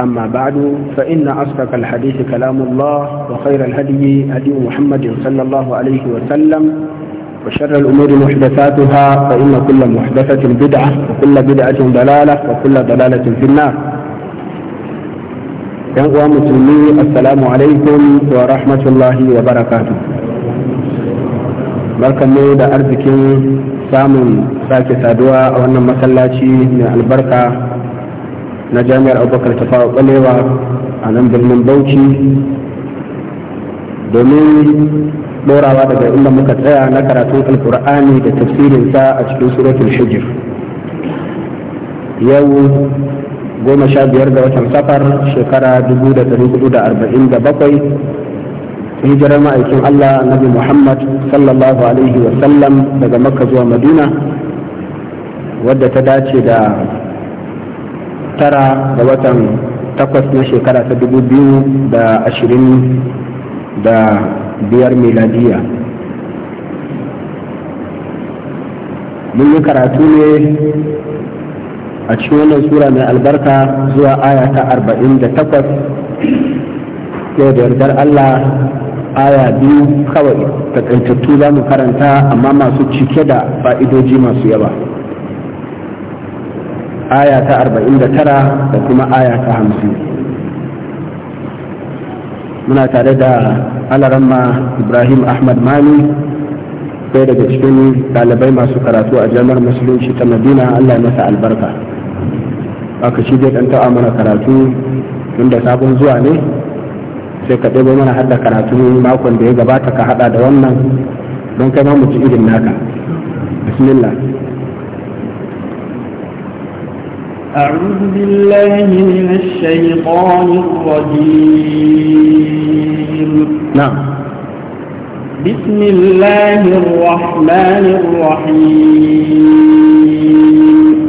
أما بعد فإن أصدق الحديث كلام الله وخير الهدي هدي محمد صلى الله عليه وسلم وشر الأمور محدثاتها فإن كل محدثة بدعة وكل بدعة ضلالة وكل ضلالة في النار ينقوى مسلمي السلام عليكم ورحمة الله وبركاته barkan mu da arzikin samun sake saduwa a wannan masallaci mai albarka na jami'ar abubakar ta fawa kwalewa a nan birnin bauchi domin ɗorawa daga inda muka tsaya na karatun alkur'ani da tafsirinsa a cikin suratul hijir yau goma sha biyar ga watan safar shekara dubu da ɗari hudu da arba'in da bakwai hijirar ma'aikin allah nabi muhammad sallallahu alaihi wasallam daga makka zuwa madina wadda ta dace da tara ga watan takwas na shekara ta dubu biyu da ashirin da biyar miladiya mun yi karatu ne a cikin wannan sura mai albarka zuwa aya ta arba'in da takwas yau da yardar allah aya biyu kawai takaitattu za mu karanta amma masu cike da fa'idoji masu yawa aya ta arba'in da kuma aya ta 50 muna tare da alaramma ibrahim ahmad Mami ɗaya daga cikin ɗalibai masu karatu a jami'ar musulunci ta madina allah ya masa albarka aka shi zai ta'a mana karatu tun da sabon zuwa ne sai ka ɗebo mana hada karatu makon da ya gabata ka hada da wannan don kai ma mutu irin naka bismillah أعوذ بالله من الشيطان الرجيم نعم بسم الله الرحمن الرحيم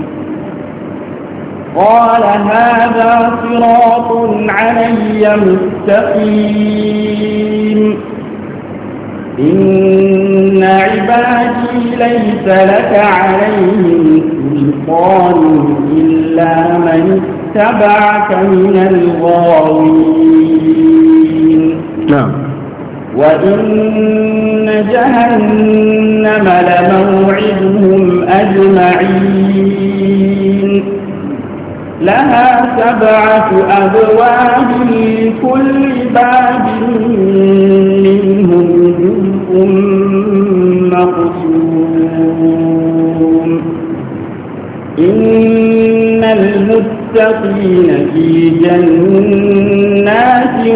قال هذا صراط علي مستقيم إن عبادي ليس لك عليهم سلطان إلا من اتبعك من الغاوين نعم وإن جهنم لموعدهم أجمعين لها سبعة أبواب لكل باب مقسوم إن المتقين في جنات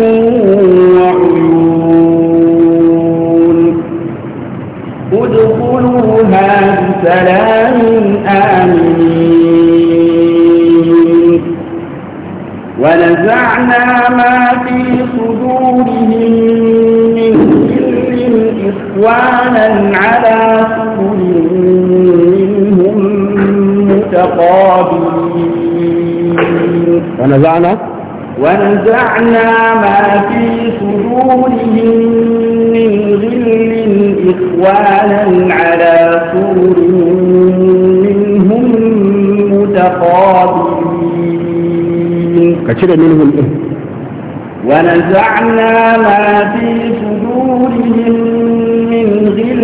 ونزعنا ونزعنا ما في صدورهم من غل إخوانا على سور منهم متقابلين كتير منهم إيه؟ ونزعنا ما في صدورهم من غل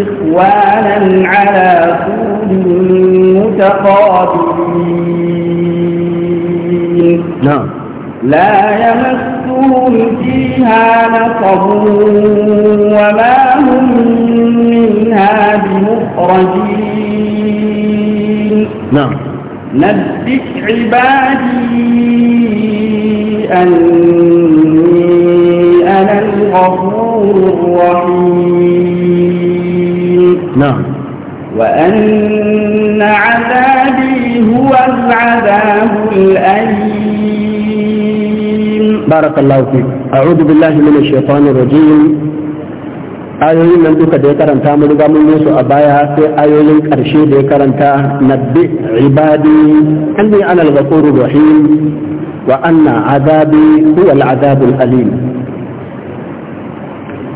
إخوانا على سور متقابلين لا يمسهم فيها نصب وما هم منها بمخرجين نعم نبك عبادي أني أنا الغفور الرحيم نعم وأن عذابي هو العذاب الأليم بارك الله فيك أعوذ بالله من الشيطان الرجيم ayoyin nan duka da ya karanta mun riga mun yi su a baya sai ayoyin karshe da ya karanta nabbi ibadi anni ana al ghafuru rahim wa anna azabi huwa al al alim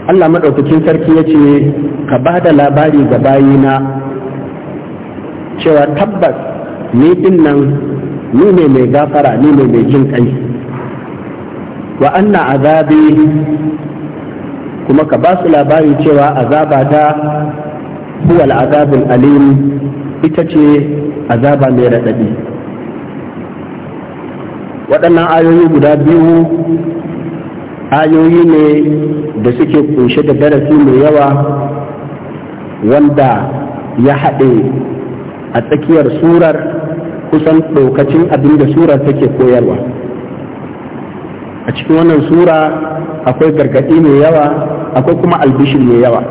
Allah madaukakin sarki yace ka bada da labari ga bayina cewa tabbas ni din nan ni ne mai gafara ni ne mai jin kai wa anna azabi kuma ka ba su labari cewa azaba ta huwa azabin alim ita ce azaba mai raɗaɗi waɗannan ayoyi guda biyu ayoyi ne da suke kunshe da darasi mai yawa wanda ya haɗe a tsakiyar surar kusan ɗaukacin abin da surar take koyarwa a cikin wannan sura akwai gargaɗi mai yawa akwai kuma albishir mai yawa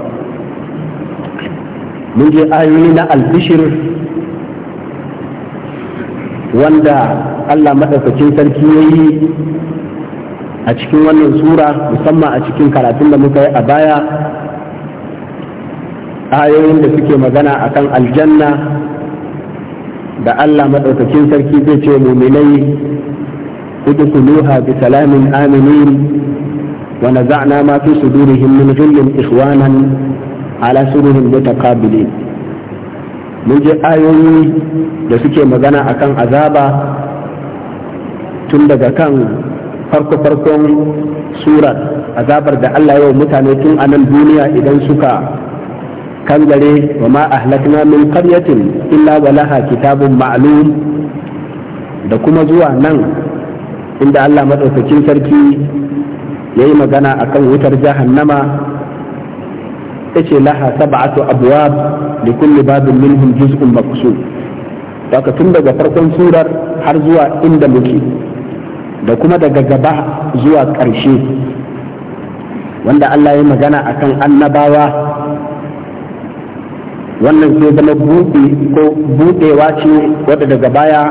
mun je ayoyi na albishir wanda allah maɗaukakin sarki ya yi a cikin wannan sura musamman a cikin karatun da muka yi a baya ayoyin da suke magana akan aljanna da allah maɗaukakin sarki zai ce muminai ادخلوها بسلام آمنين ونزعنا ما في صدورهم من غل إخوانا على سرر متقابلين mun je ayoyi da suke magana akan azaba tun daga kan farko-farkon surar azabar da Allah yau mutane tun a nan duniya idan suka kangare wa ma ahlakna min qaryatin illa walaha kitabun ma'lum da kuma zuwa nan inda Allah maɗaukacin sarki yayi magana akan wutar jahannama ce laha sab'atu abwab li kulli babin minhum juz'un maqsud daga tun daga farkon surar har zuwa inda muke da kuma daga gaba zuwa ƙarshe wanda Allah ya magana akan annabawa wannan sai zama buɗewa ce wadda daga baya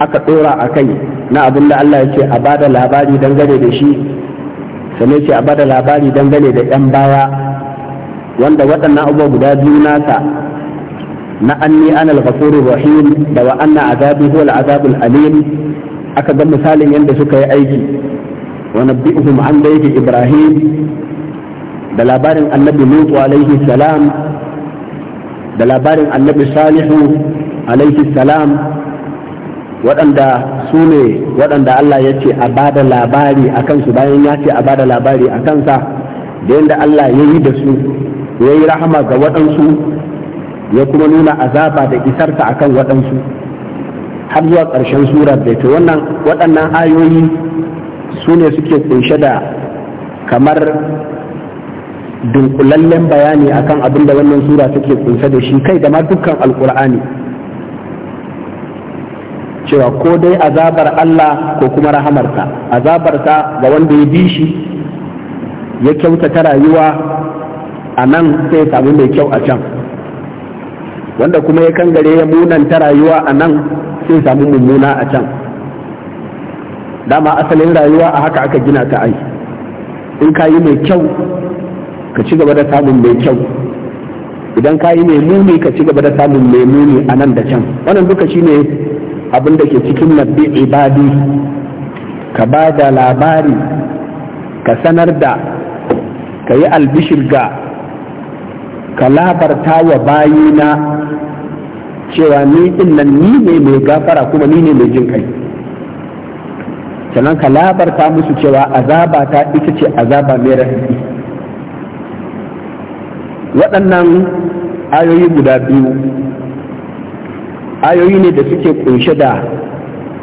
aka ɗora a kai na abin da Allah ya ce a bada labari dangane da shi sannan ce a bada labari dangane da 'yan baya wanda waɗannan abubuwa guda biyu nasa na anni ana al rahim da wa anna azabi huwa al-azabul alim aka ga misalin yadda suka yi aiki wa nabbi'uhum an yake ibrahim da labarin annabi lutu alaihi salam da labarin annabi salihu alaihi salam waɗanda su ne waɗanda Allah ya ce a bada labari a kansu bayan ya ce a bada labari a kansa da yadda Allah ya yi da su ya yi rahama ga waɗansu ya kuma nuna azaba da isarta a kan waɗansu har zuwa ƙarshen sura. da ta wannan waɗannan ayoyi su ne suke kunshe da kamar dunkulallen bayani akan abin da wannan sura take kunshe da shi kai da ma dukkan alkur'ani cewa ko dai azabar Allah ko kuma rahamarsa azabarsa ga wanda ya bi shi ya kyautata rayuwa a nan sai ya samu mai kyau a can wanda kuma ya kangare ya munanta rayuwa a nan sai ya samu mummuna a can dama asalin rayuwa a haka aka gina ta ai in ka yi mai kyau ka ci gaba da samun mai kyau idan ka yi mai muni ka ci gaba da samun mai muni a nan da can wannan duka shine abin da ke cikin nabi ibadi ka ba da labari ka sanar da ka yi albishir ga ka labarta wa bayina cewa ni nan ni ne mai gafara kuma ni ne mai jin kai sannan ka labarta musu cewa azaba ta ita ce azaba mai rafi waɗannan ayoyi guda biyu ayoyi ne da suke kunshe da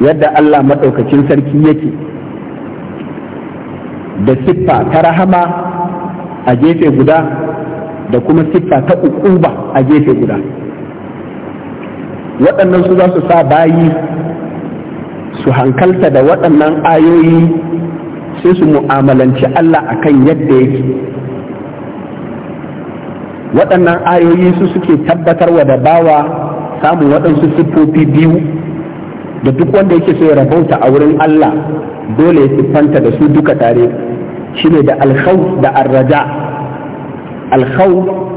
yadda Allah maɗaukacin sarki yake da siffa ta rahama a gefe guda da kuma siffa ta ukuba a gefe guda waɗannan su za su sa bayi su hankalta da waɗannan ayoyi sai su mu'amalanci Allah a kan yadda yake waɗannan ayoyi su suke wa da bawa Samun waɗansu siffofi biyu da duk wanda yake so ya rabauta a wurin Allah dole ya siffanta da su duka tare ne da alkhawf da arraja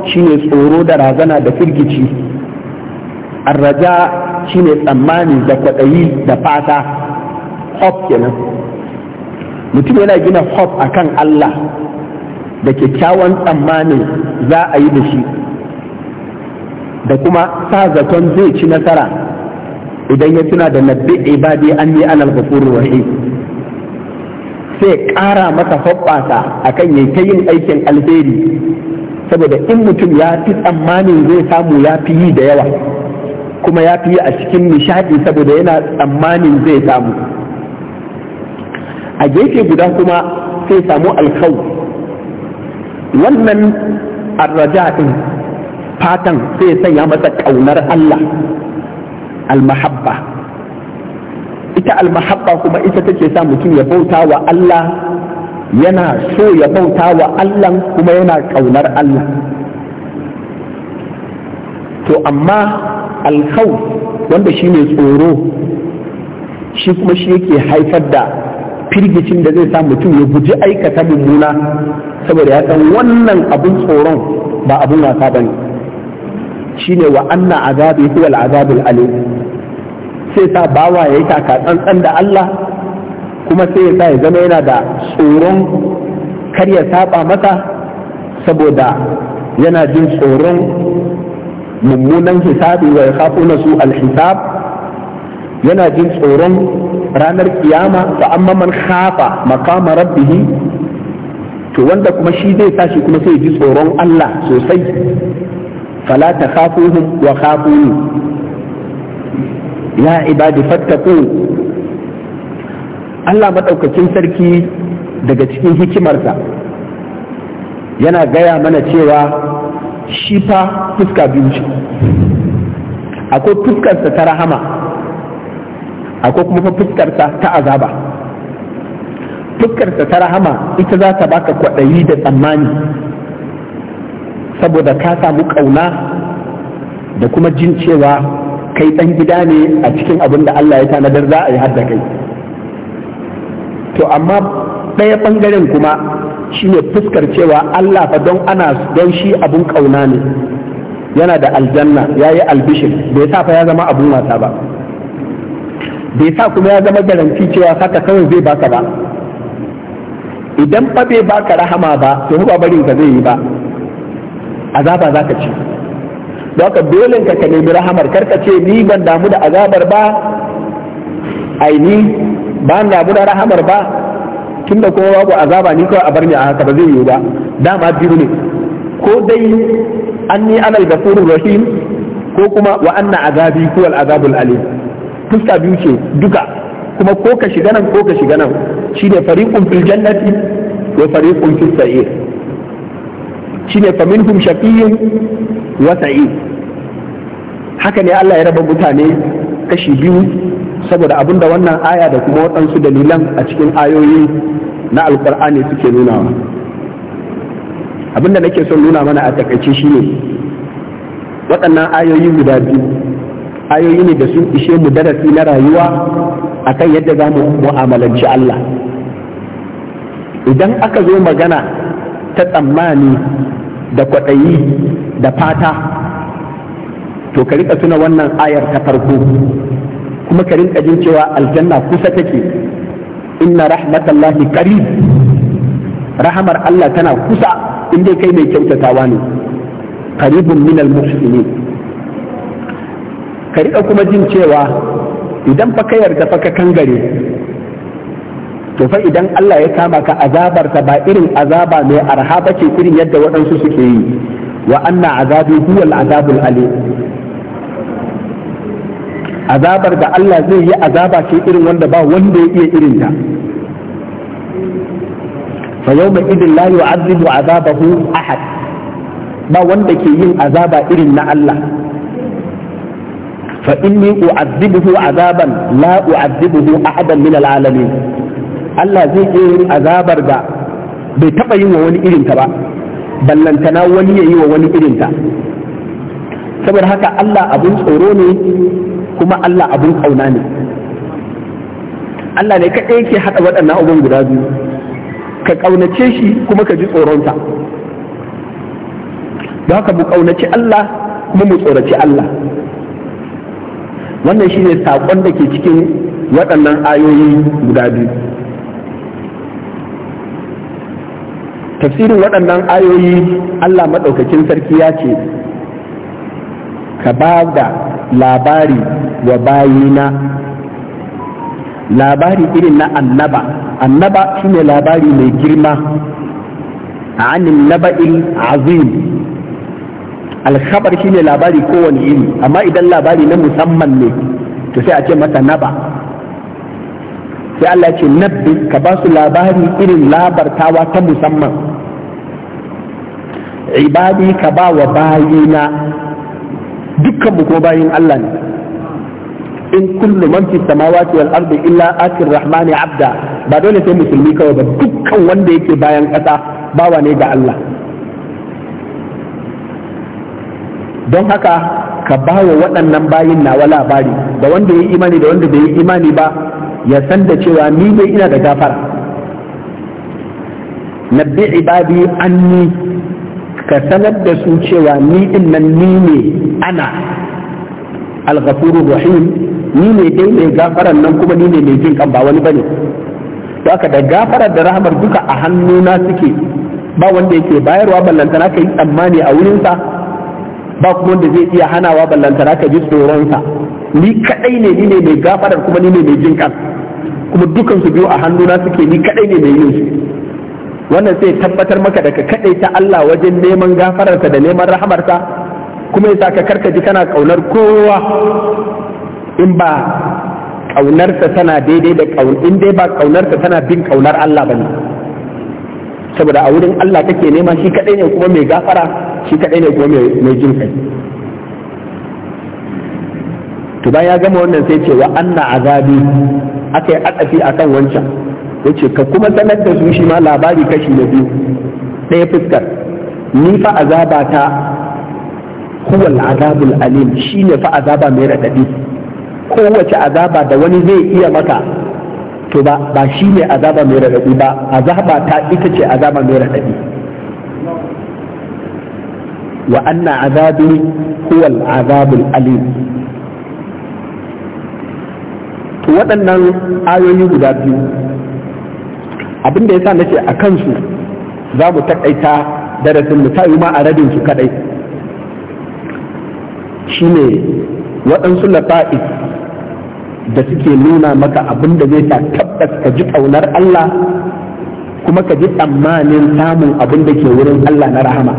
shi ne tsoro da razana da firgici arraja ne tsammani da kwaɗayi da fata hope kenan mutum yana gina a akan Allah da kyakkyawan tsammanin za a yi da shi da kuma sa zaton zai ci nasara idan ya tuna da nabi ibadi yi anal ghafurur wahi sai ƙara masa hoɓɓasa akan yi ta yin aikin alheri saboda in mutum ya fi tsammanin zai samu ya fi yi da yawa kuma ya fi yi a cikin nishadi saboda yana tsammanin zai samu a gefe guda kuma sai samu alkau wannan arraja ɗin fatan sai sanya masa ƙaunar Allah almahabba ita almahabba kuma ita take sa mutum ya bauta wa Allah yana so ya bauta wa Allah kuma yana ƙaunar Allah to amma alkhaw wanda shine tsoro shi kuma shi yake haifar da firgicin da zai sa mutum ya guji aikata mummuna saboda ya san wannan abun tsoron ba abin wasa bane shine wa anna azabi huwa al alim sai sa bawa yayi taka tsantsan da Allah kuma sai ya sa ya zama yana da tsoron kar ya saba masa saboda yana jin tsoron mummunan hisabi wa yakhafuna su al-hisab yana jin tsoron ranar kiyama fa amma man khafa maqama rabbih to wanda kuma shi zai tashi kuma sai ya ji tsoron Allah sosai fala تخافوهم wa يا ya ibadi الله Allah madaukakin sarki daga cikin hikimarsa yana gaya mana cewa shi fa fuska biyu ce akwai fuskarsa ta rahama akwai kuma fa fuskarsa ta azaba fuskarsa ta rahama ita za ta baka kwaɗayi da tsammani saboda ka samu ƙauna da kuma jin cewa kai ɗan gida ne a cikin abin da Allah ya tanadar za a yi hadda kai to amma ɗaya ɓangaren kuma shine fuskar cewa Allah fa don ana don shi abin ƙauna ne yana da aljanna ya yi albishin bai sa fa ya zama abin wasa ba bai sa kuma ya zama garanti cewa saka kawai zai baka ba idan fa bai baka rahama ba to ba barin ka zai yi ba azaba za ka ci haka dole ka ka nemi rahamar karka ce ni ban damu da azabar ba aini ban damu da rahamar ba tunda kuma babu azaba ni kawai a bar ni a haka ba zai yiwu ba dama biyu ne ko dai ni anal gafurur rahim ko kuma wa anna azabi huwal azabul alim fuska biyu ce duka kuma ko ka shiga nan ko ka shiga nan shine fariqun fil jannati wa fariqun fis sa'ir shine faminhum shaqiyyun wa sa'id haka ne Allah ya raba mutane kashi biyu saboda abinda wannan aya da kuma waɗansu dalilan a cikin ayoyi na alkur'ani suke nunawa abinda nake son nuna mana a takaice shine waɗannan ayoyi guda biyu ayoyi ne da sun ishe mu darasi na rayuwa a kan yadda za mu mu'amalanci Allah idan aka zo magana ta tsammani da kwaɗayi da fata to ka rika tuna wannan ayar ta farko kuma ka rinka jin cewa aljanna kusa take inna rahmatallahi qarib rahamar Allah tana kusa in dai kai mai kyautatawa ne qaribun minal muhsinin ka rika kuma jin cewa idan fa ka yarda fa ka kangare to fa idan Allah ya kama ka azabarsa ba irin azaba mai arha bace irin yadda waɗansu suke yi wa anna azabi huwa al-azabul alim azabar da Allah zai yi azaba ce irin wanda ba wanda ya iya irin ta fa yawma idin la yu'adhibu azabahu ahad ba wanda ke yin azaba irin na Allah fa inni u'adhibuhu azaban la u'adhibuhu ahadan min al-alamin Allah zai iya yin azabar da bai taɓa yi wa wani irinta ba ballantana wani ya yi wa wani irinta saboda haka Allah abin tsoro ne kuma Allah abin ƙauna ne Allah ne kaɗai ke haɗa waɗannan abin guda biyu ka ƙaunace shi kuma ka ji tsoronta. don haka mu ƙaunaci Allah kuma mu tsoraci Allah wannan shi ne saƙon da ke cikin waɗannan ayoyi guda biyu tafsirin waɗannan ayoyi Allah maɗaukakin sarki ya ce ka ba da labari wa bayina labari irin na annaba annaba shine labari mai girma anin naba'il azim alkhabar shine labari kowane iri amma idan labari na musamman ne to sai a ce masa naba' sai Allah ce nabbi ka ba su labari irin labartawa ta musamman ibadi ka ba wa bayina dukkan mu ko bayin Allah ne in kullu man fi samawati wal ardi illa atir rahmani abda ba dole sai musulmi kawai ba dukkan wanda yake bayan kasa bawa ne ga Allah don haka ka ba wa waɗannan bayin nawa labari da wanda ya yi imani da wanda bai yi imani ba ya san da cewa ni dai ina da gafara nabbi ibadi anni ka sanar da su cewa ni din nan ni ne ana al-ghafurur rahim ni ne dai mai gafaran nan kuma ni ne mai jin kan ba wani bane to aka da gafarar da rahamar duka a hannuna suke ba wanda yake bayarwa ballantana ka yi tsammani a wurinsa ba kuma wanda zai iya hanawa ballantana ka ji tsoronsa ni kadai ne ni ne mai gafarar kuma ni ne mai jin kan kuma dukan su biyu a hannuna suke ni kadai ne mai yin su wannan sai tabbatar maka da ka kadai ta Allah wajen neman gafararsa da neman rahamarsa kuma yasa ka karka ji kana kaunar kowa in ba kaunarsa tana daidai da kaun in dai ba kaunarsa tana bin kaunar Allah bane saboda a wurin Allah kake nema shi kadai ne kuma mai gafara shi kadai ne kuma mai jin kai to bayan ya gama wannan sai ce wa anna azabi aka yi atsafi akan wancan yace ka kuma sanar da su shi ma labari kashi na biyu ɗaya fuskar ni fa azaba ta huwa al'azabul alim shi ne fa azaba mai radadi kowace azaba da wani zai iya maka to ba ba ne azaba mai radadi ba azaba ta ita ce azaba mai radadi wa anna azabi huwa al'azabul alim to waɗannan ayoyi guda biyu abinda da yasa nace a kansu za mu takaita darasin mu tayi ma a rabin su kadai shine waɗansu lafa'i da suke nuna maka abin zai ta tabbas ka ji ƙaunar Allah kuma ka ji tsammanin samun abin da ke wurin Allah na rahama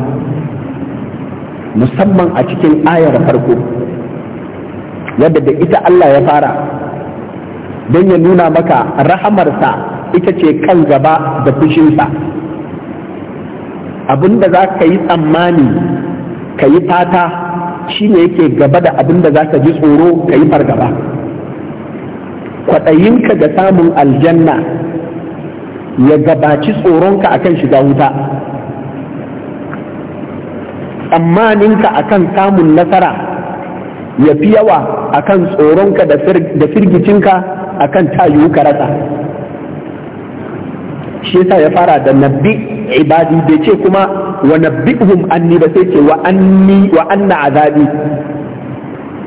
musamman a cikin ayar farko yadda da ita Allah ya fara don ya nuna maka rahamarsa ita ce kan gaba da fushinsa abin da za ka yi tsammani ka yi fata shi ne yake gaba da abin da za ka ji tsoro ka yi fargaba kwaɗayinka ga samun aljanna ya gabaci tsoronka akan shiga wuta tsammaninka akan samun nasara ya fi yawa akan tsoronka da firgicinka akan ta yiwu ka rasa shi yasa ya fara da nabi ibadi bai ce kuma wa nabbihum anni ba sai ce wa anni wa anna azabi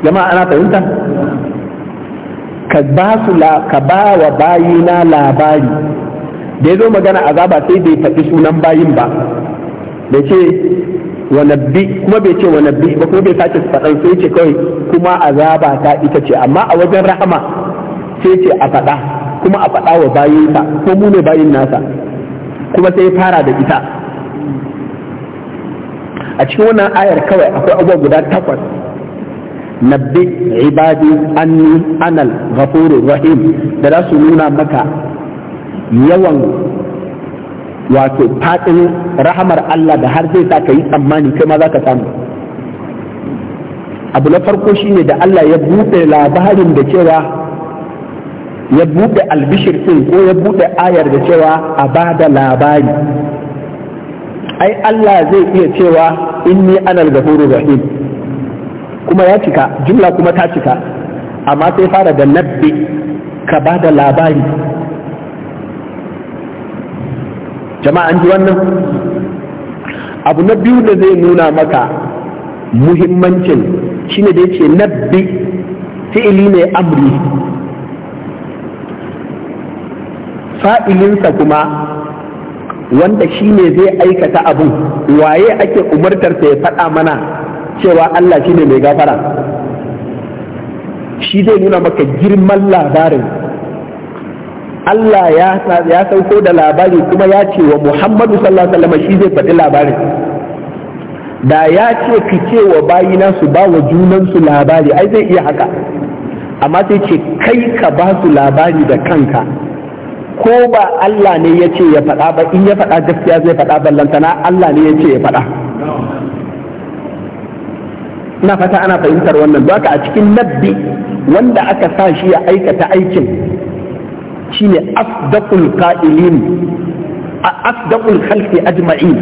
jama'a ana fahimta ka ba su la ka ba wa bayina labari da ya zo magana azaba sai bai faɗi sunan bayin ba bai ce wa nabi kuma bai ce wa nabi ba kuma bai sake faɗan sai ce kawai kuma azaba ta ita ce amma a wajen rahama sai ce a faɗa kuma a faɗa wa bayinsa ko mu ne bayin nasa kuma sai fara da ita a cikin wannan ayar kawai akwai abubuwa guda takwas nabbi ibadi anni anal rahim da za su nuna maka yawan wato fadin rahamar Allah da har zai sa ka yi tsammani kai ma za ka samu abu na farko shine da Allah ya buɗe labarin da cewa ya buɗe albishir ɗin ko ya buɗe ayar da cewa a ba labari ai Allah zai iya cewa inni anal gafuru rahim kuma ya cika jumla kuma ta cika amma sai fara da nabbi ka ba da labari jama'a ji wannan abu na biyu da zai nuna maka muhimmancin shine da yake nabbi fi'ili ne amri fa'ilinsa kuma wanda shi ne zai aikata abu, waye ake umartarsa ya faɗa mana cewa Allah shi ne mai gafara shi zai nuna maka girman labarin Allah ya sauko da labari kuma ya ce wa Muhammadu sallallahu alaihi wasallam shi zai faɗi labarin da ya ce ki ce wa bayina su ba wa junansu labari ai zai iya haka amma sai ce kai ka ba su labari da kanka ko ba Allah ne ya ce ya faɗa ba in ya faɗa gaskiya zai faɗa ballantana Allah ne ya ce ya faɗa ina fata ana fahimtar wannan don a cikin nabbi wanda aka sa shi ya aikata aikin shine afdaqul qa'ilin afdaqul khalqi ajma'in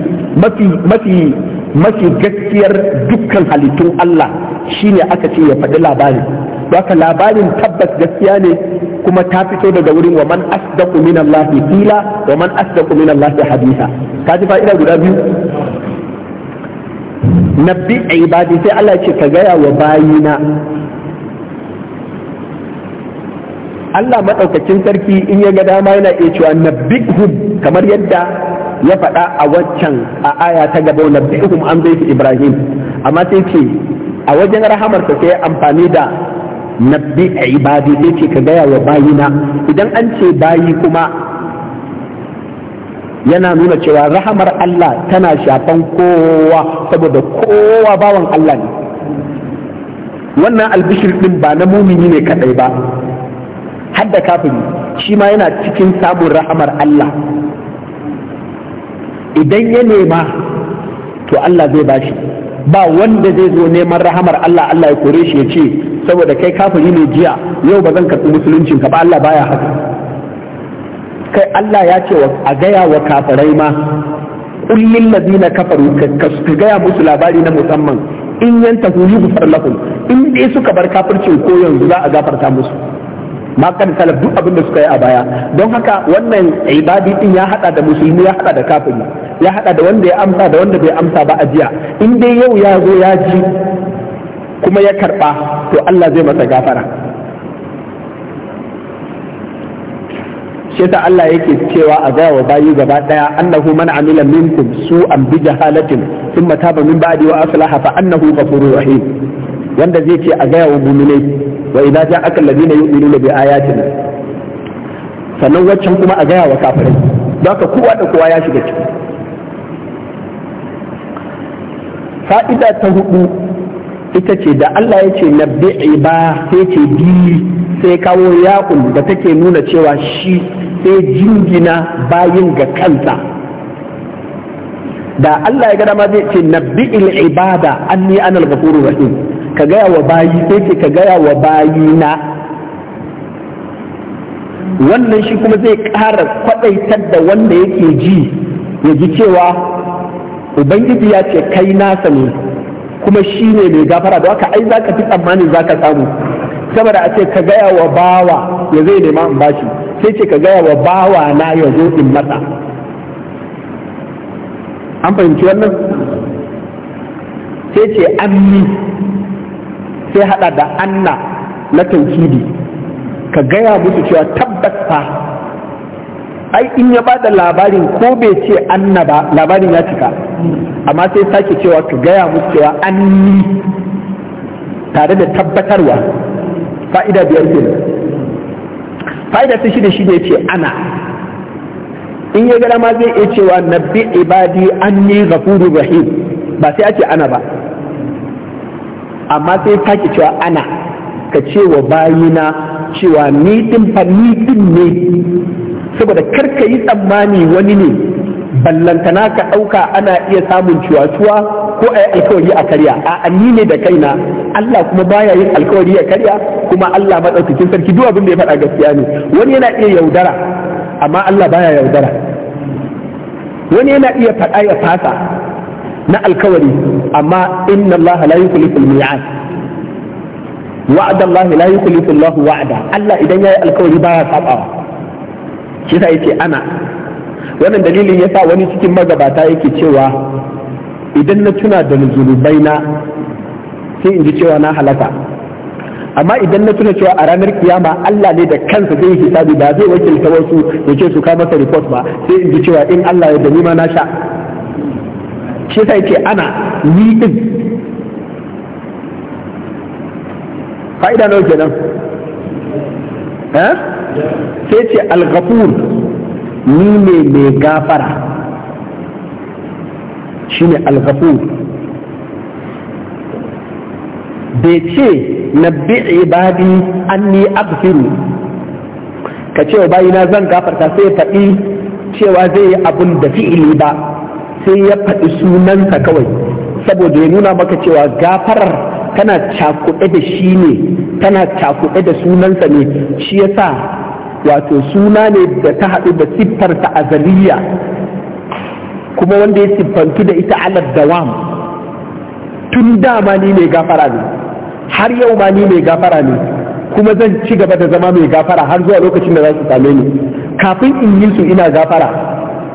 mafi mafi mafi gaskiyar dukkan halittun Allah shine aka ce ya faɗi labarin don labarin tabbas gaskiya ne kuma ta fito daga wurin wa man asdaqu min Allah qila wa man asdaqu min Allah hadisa ka ji fa'ida guda biyu nabbi ibadi sai Allah ce ka gaya wa bayina Allah madaukakin sarki in ya ga dama yana iya cewa nabbihum kamar yadda ya faɗa a waccan a aya ta gaba nabbihum an zai Ibrahim amma sai ce a wajen rahamarsa sai amfani da nabbi ibadi sai ce ka gaya wa bayina idan an ce bayi kuma yana nuna cewa rahamar Allah tana shafan kowa saboda kowa bawan Allah ne wannan albishir din ba na mumini ne kadai ba har kafin kafiri shi ma yana cikin samun rahamar Allah idan ya nema to Allah zai bashi ba wanda zai zo neman rahamar Allah Allah ya kore shi ya ce saboda kai kafiri ne jiya yau ba zan karɓi musuluncin ka ba Allah baya haka kai Allah ya ce a gaya wa kafirai ma kullin ladina kafaru ka gaya musu labari na musamman in yantahu yughfar lahum in dai suka bar kafircin ko yanzu za a gafarta musu ma kan duk abin da suka yi a baya don haka wannan ibadi din ya hada da musulmi ya hada da kafiri ya hada da wanda ya amsa da wanda bai amsa ba a jiya in dai yau ya zo ya ji kuma ya karba to Allah zai masa gafara shi Allah yake cewa a gaya wa bayi gaba daya annahu man amila minkum su'an bi jahalatin thumma taba min ba'di wa aslaha fa annahu ghafurur rahim wanda zai ce a gaya wa mu'minai wa idza ja'aka alladhina yu'minuna bi ayatina sannan waccan kuma a gaya wa kafirai don haka kowa da kowa ya shiga ciki fa'ida ta hudu ita ce da Allah ya ce bi'i ba sai ce bi sai kawo yaƙun da take nuna cewa shi sai jingina bayin ga kanta, da Allah ya gada ma zai ce nabbi ibada anni anal ghafurur rahim ka gaya wa bayi sai ce ka gaya wa bayi na, wannan shi kuma zai ƙara kwaɗaitar da wanda yake ji ya ji cewa ubangiji ya ce kai nasa ne kuma shi ne mai gafara da haka ai za ka fi tsammanin za ka samu saboda a ce ka gaya wa bawa ya zai nema in bashi sai ce ka gaya wa bawa na ya zo in masa an fahimci wannan sai ce ammi sai hada da anna na taukidi ka gaya musu cewa tabbas fa ai in ya bada labarin ko bai ce anna ba labarin ya cika amma sai sake cewa ka gaya musu cewa anni tare da tabbatarwa fa'ida biyar kenan fa'ida ta da shi ya ce ana in ya gara ma zai iya cewa nabbi ibadi anni ghafurur rahim ba sai ake ana ba amma sai sake cewa ana ka ce wa bayina cewa ni din fa ni din ne saboda karka yi tsammani wani ne ballantana ka ɗauka ana iya samun cuwa-cuwa ko a yi alkawari a karya a ni ne da kaina Allah kuma baya yin alkawari ya karya kuma Allah maɗaukakin sarki duk abin da ya faɗa gaskiya ne wani yana iya yaudara amma Allah baya yaudara wani yana iya faɗa ya fasa na alkawari amma inna Allah la yukhlifu al-mi'ad wa'da Allah la yukhlifu Allah wa'da Allah idan yayi alkawari baya sabawa shi sai ce ana wannan dalilin yasa wani cikin magabata yake cewa idan na tuna da zunubai na sai in ji cewa na halaka amma idan na tuna cewa a ranar kiyama Allah ne da kansa zai hisabi ba zai wakilta wasu ya ce su kama masa report ba sai in ji cewa in Allah ya dani ma na sha shi sai ce ana ni din fa'ida nawa kenan eh sai ce al ni ne mai gafara shine al bai ce nabbi ibadi ni aghfiru ka ce wa bayina zan gafarta sai ya faɗi cewa zai yi abun da fi'ili ba sai ya faɗi sunansa kawai saboda ya nuna maka cewa gafarar tana cakuɗe da shi ne tana cakuɗe da sunansa ne shi ya sa. wato suna ne da ta haɗu da siffar ta azaliya kuma wanda ya siffantu da ita alad dawam tun dama ni mai gafara ne har yau ma ni mai gafara ne kuma zan ci gaba da zama mai gafara har zuwa lokacin da za su same ni kafin in yi su ina gafara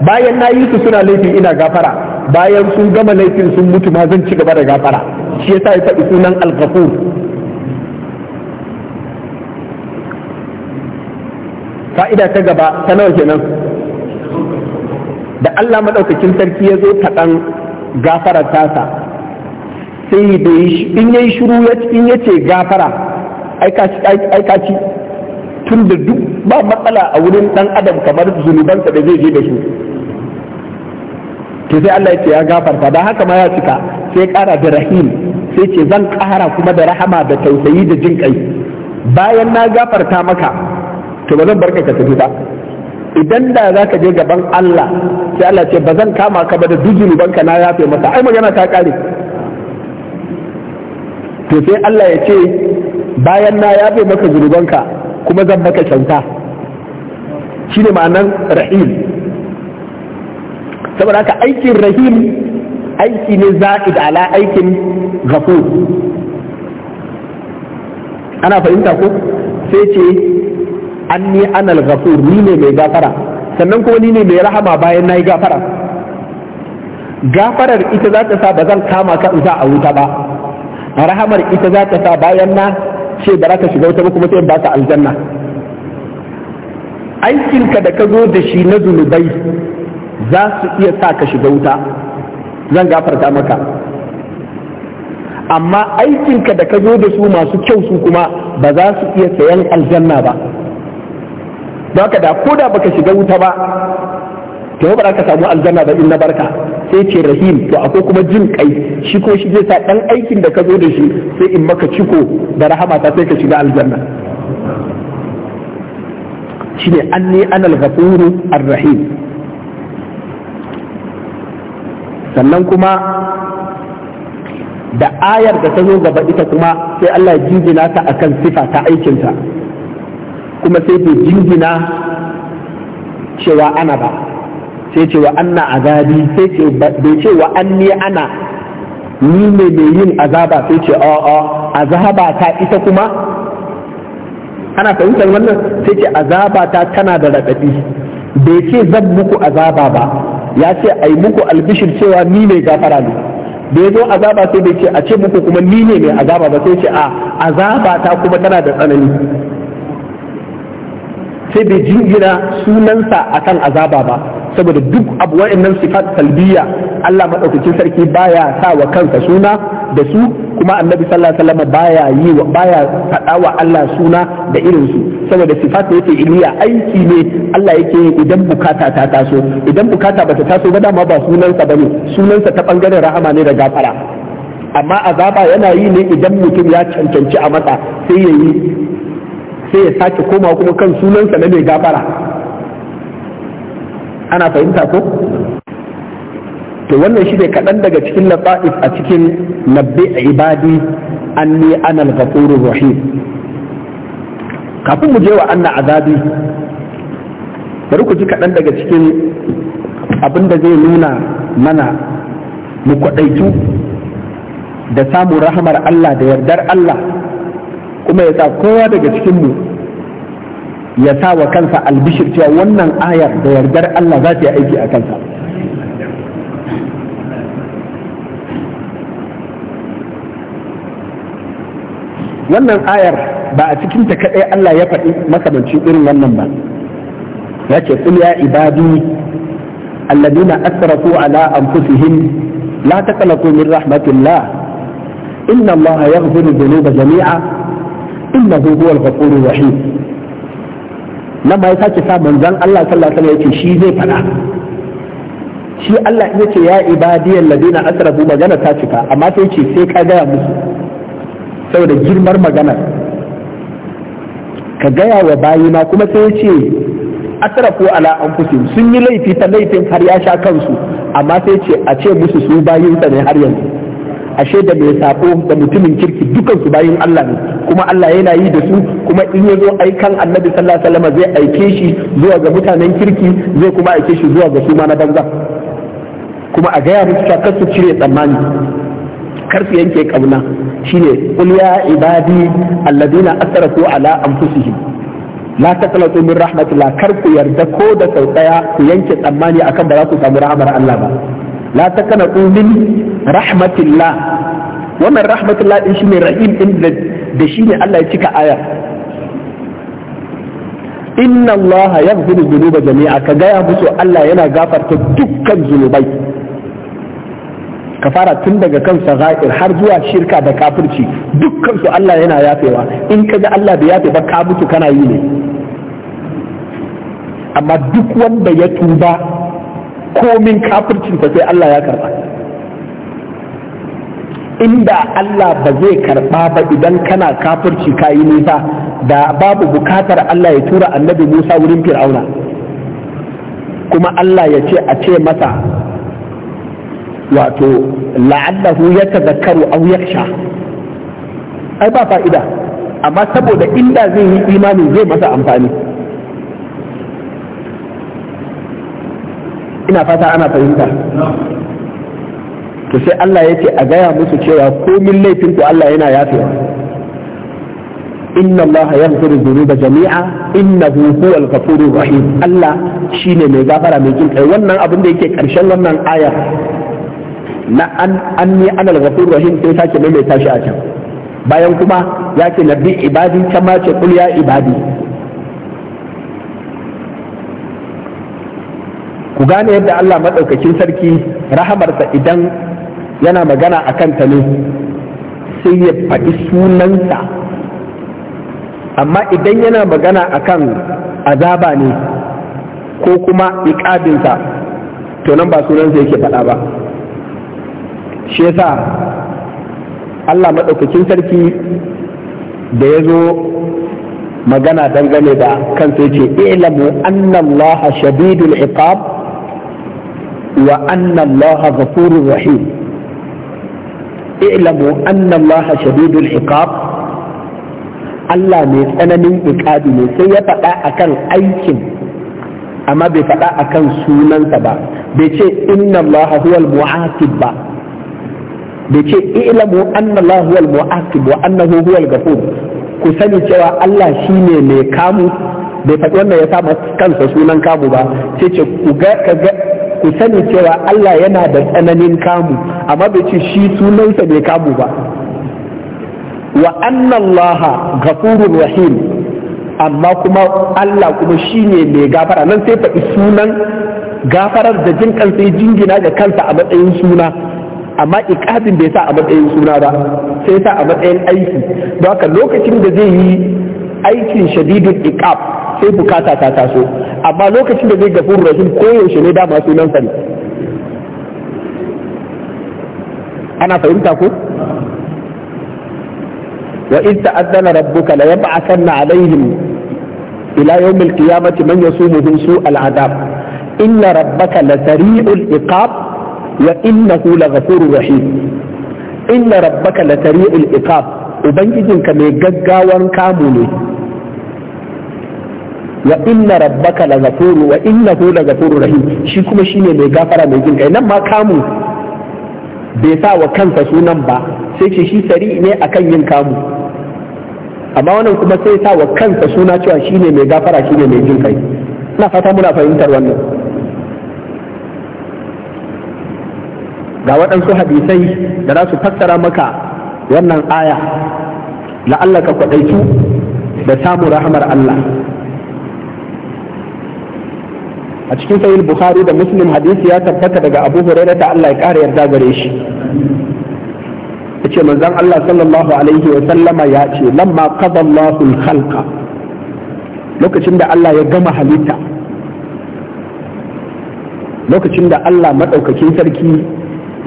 bayan na yi su suna laifin ina gafara bayan sun gama laifin sun mutu ma zan ci gaba da gafara shi yasa ya faɗi sunan al fa'ida ta gaba ta nawa kenan da Allah maɗaukacin sarki ya zo kaɗan gafarar tasa sai in yayi shiru in ya ce gafara aikaci tun da duk ba matsala a wurin ɗan adam kamar zunubansa da zai je da shi. to sai Allah ya ce ya gafarta da haka ma ya cika sai ƙara da rahim sai ce zan ƙara kuma da rahama da tausayi da jin kai bayan na gafarta maka to ba zan barka ka tafi ba idan da za ka je gaban Allah sai Allah ce ba zan kama ka ba da duk banka na yafe masa ai magana ta kare to sai Allah ya ce bayan na yafe maka zunubanka kuma zan maka kyauta shine ma'anan rahim saboda haka aikin rahim aiki ne za'id ala aikin ghafur ana fahimta ko sai ce anni anal ghafur ni ne mai gafara sannan kuma ni ne mai rahama bayan nayi gafara gafarar ita za ta sa ba zan kama ka in a wuta ba rahamar ita za ta sa bayan na ce ba za ka shiga wuta ba kuma sai ba ka aljanna aikinka da ka zo da shi na zunubai za su iya sa ka shiga wuta zan gafarta maka amma aikinka da ka zo da su masu kyau su kuma ba za su iya sayan aljanna ba don ka da ko da baka shiga wuta ba to ba ka samu aljanna ba in na barka sai ce rahim to akwai kuma jin kai shi ko shi zai sa dan aikin da ka zo da shi sai in maka ciko da rahama ta sai ka shiga aljanna shine anni anal ghafuru rahim? sannan kuma da ayar da ta zo gaba ita kuma sai Allah ya jinjina ta akan sifa ta aikinsa kuma sai bai jingina cewa ana ba sai cewa anna azabi sai ce bai ce wa anni ana ni ne mai yin azaba sai ce a a azaba ta ita kuma ana fahimtar wannan sai ce azaba ta tana da raɗaɗi bai ce zan muku azaba ba ya ce ai muku albishir cewa ni ne gafara ne bai zo azaba sai bai ce a ce muku kuma ni ne mai azaba ba sai ce a azaba ta kuma tana da tsanani sai bai jingina sunansa a kan azaba ba saboda duk abu wa'annan sifat salbiya Allah madaukakin sarki baya sa wa kansa suna da su kuma annabi sallallahu alaihi wasallam baya yi wa baya faɗa wa Allah suna da irin su saboda sifat yake iliya aiki ne Allah yake idan bukata ta taso idan bukata bata taso ba dama ba sunansa bane sunansa ta bangaren rahama ne da gafara amma azaba yana yi ne idan mutum ya cancanci a masa sai yayi sai ya sake koma kuma kan sunansa na mai gafara ana fahimta ko to wannan shi ne kaɗan daga cikin lafa'if a cikin nabbi ibadi anni anal ghafurur rahim kafin mu je wa anna azabi bari ku ji kaɗan daga cikin abin da zai nuna mana mu kwaɗaitu da samun rahamar Allah da yardar Allah kuma ya sa kowa daga cikinmu ya sa wa kansa albishir cewa wannan ayar da yardar Allah za ta yi aiki a kansa wannan ayar ba a ta kaɗai Allah ya faɗi makamancin irin wannan ba ya ce ya ibadi alladina asrafu ala anfusihim la taqnatu min rahmatillah inna Allah yaghfiru dhunuba jami'a innahu huwal ghafurur rahim nan ma sake sa manzon Allah sallallahu alaihi wasallam shi zai fada shi Allah in yace ya ibadiyan ladina asrafu magana ta cika amma sai ce sai ka gaya musu girmar ka gaya wa bayina kuma sai yace asrafu sun yi laifi ta laifin har kansu amma sai a ce musu su bayinsa ne har yanzu ashe da mai sako da mutumin kirki dukansu bayin Allah ne kuma Allah yana yi da su kuma in ya zo aikan annabi sallallahu alaihi wasallam zai aike shi zuwa ga mutanen kirki zai kuma aike shi zuwa ga su ma na banza kuma a gaya musu cewa kar su cire tsammani kar su yanke kauna shine qul ya ibadi alladina asrafu ala anfusihim la taqnatu min rahmatillah kar ku yarda ko da sau daya ku yanke tsammani akan ba za ku samu rahmar Allah ba la taqnatu min rahmatillah wannan rahmatullah din shine rahim din da shi ne Allah ya cika ayar inna Allah yaghfiru dhunuba jami'a ka gaya musu Allah yana gafarta dukkan zunubai kafara tun daga kan sagha'ir har zuwa shirka da kafirci dukkan su Allah yana yafewa in ka ga Allah bai yafe ba ka mutu kana yi ne amma duk wanda ya tuba komin kafircin sai Allah ya karba inda Allah ba zai karɓa ba idan kana kafirci ka yi nisa da babu bukatar Allah ya tura annabi Musa wurin Fir'auna kuma Allah ya ce a ce masa wato la'allahu ya tazakkaru aw yakhsha ai ba fa'ida amma saboda inda zai yi imani zai masa amfani ina fata ana fahimta to sai Allah ya ce a gaya musu cewa komin laifin ku Allah yana yafewa inna Allah yaghfiru dhunuba jami'a innahu huwal ghafurur rahim Allah shine mai gafara mai jin kai wannan abin da yake karshen wannan aya na an anni anal ghafurur rahim sai sake mai tashi a can bayan kuma ya ce nabi ibadi kama ce kul ya ibadi ku gane yadda Allah madaukakin sarki rahamarsa idan yana magana a kanta ne sai ya faɗi sunansa amma idan yana magana a kan azaba ne ko kuma iƙabinsa to nan ba sunansa yake faɗa ba shi yasa Allah maɗaukacin sarki da ya zo magana dangane da kansa yake ilamu annan laha shadidul iqab wa annan laha ghafurur rahim i'lamu anna Allah shadidul iqab Allah mai tsananin iqabi ne sai ya faɗa akan aikin amma bai faɗa akan sunansa ba bai ce inna Allah huwal mu'aqib ba bai ce i'lamu anna Allah huwal mu'aqib wa annahu huwal ghafur ku sani cewa Allah shine mai kamu bai faɗi wannan ya sa ba kansa sunan kamu ba sai ce ku ga ga ku sani cewa Allah yana da tsananin kamu amma bai ce shi sunansa bai kamu ba wa annallaha ghafurur rahim amma kuma Allah kuma shine mai gafara nan sai faɗi sunan gafarar da jin sai jingina da kansa a matsayin suna amma iqabin bai sa a matsayin suna ba sai sa a matsayin aiki don haka lokacin da zai yi aikin shadidin iqab sai bukata ta taso amma lokacin da zai gafin rahim koyaushe ne dama sai nan sani ana fahimta ko wa in ta'addana rabbuka la yab'athanna alaihim ila yawm alqiyamati man yasumuhum su al'adab inna rabbaka la sari'ul iqab wa innahu la ghafurur rahim inna rabbaka la sari'ul iqab ubangijinka mai gaggawan kamu ne wa inna rabbaka la ghafuru wa innahu la ghafuru rahim shi kuma shine mai gafara mai jin kai nan ma kamu bai sa wa kansa sunan ba sai ce shi sari ne akan yin kamu amma wannan kuma sai sa wa kansa suna cewa shine mai gafara shine mai jin kai ina fata muna fahimtar wannan ga waɗansu hadisai da za su fassara maka wannan aya la'allaka kwadaitu da samun rahmar Allah a cikin sahih bukhari da muslim hadisi ya tabbata daga abu hurairah ta Allah ya kare yarda gare shi yace manzon Allah sallallahu alaihi wa sallama ya ce lamma qada Allahu al-khalqa lokacin da Allah ya gama halitta lokacin da Allah madaukakin sarki